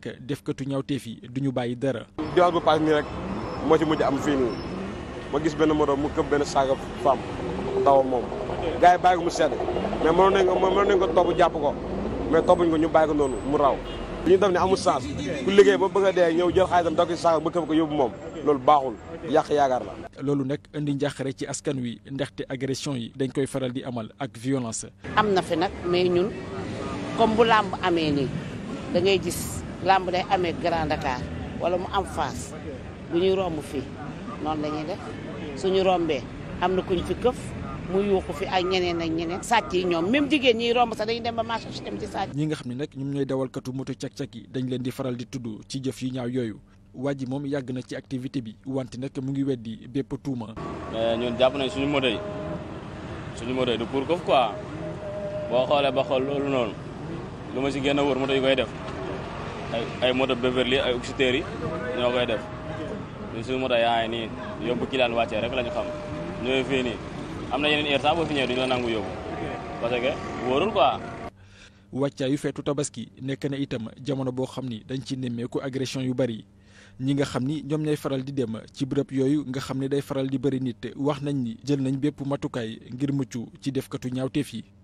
que defkatu ñawteef yi du ñu bàyyi dara. diwaan bu paas nii rek moo ci mujj am fii nii ma gis benn moto mu këpp benn saaga femme dawam moom gars yi bàyyi ko mu sedd mais mënoon nañ ko ko topp jàpp ko mais toppuñ ko ñu bàyyi ko noonu mu raw. li ñu def ne amul sens ku liggéey ba bëgg a dee ñëw jël xaalisam da koy saaga ba këpp ko yóbbu moom loolu baaxul yàq yaakaar la. loolu nag indi rek ci askan wi ndaxte agression yi dañ koy faral di amal ak violence. am na fi nag mais ñun làmb day amee Grand Dakar wala mu am Fass bu ñuy romb fii noonu la ñuy def suñu rombee am na kuñ fi këf mu yuuxu fi ak ñeneen ak ñeneen sàcc yi ñoom même jigéen ñiy romb sax dañuy dem ba marché si dem ci sàcc ñi nga xam ne nag ñoom ñooy dawalkatu moto cak-cak yi leen di faral di tudd ci jëf yu ñaaw yooyu waa ji moom yàgg na ci activité bi want nag mu ngi weddi bépp tuuma ñun jàpp nañ suñu moto yi suñu moto yi du pour këf quoi boo xoolee ba xool loolu noonu lu si gën a moto yi koy def ay ay moto Beverly ay oxyteurs yi ñoo koy def ñun suñu moto yaa ngi nii yóbbu kilaan wàccee rek la xam ñooy fii nii am na yeneen heure sax fi ñëwee duñu la nangu yóbbu parce que wóorul quoi. wàccaayu feetu tabaski nekk na itam jamono boo xam ni dañ ci nemmeeku agression yu bari ñi nga xam ni ñoom ñooy faral di dem ci bërëb yooyu nga xam ni day faral di bari nit wax nañ ni jël nañ bépp matukaay ngir mucc ci defkatu ñaawteef yi.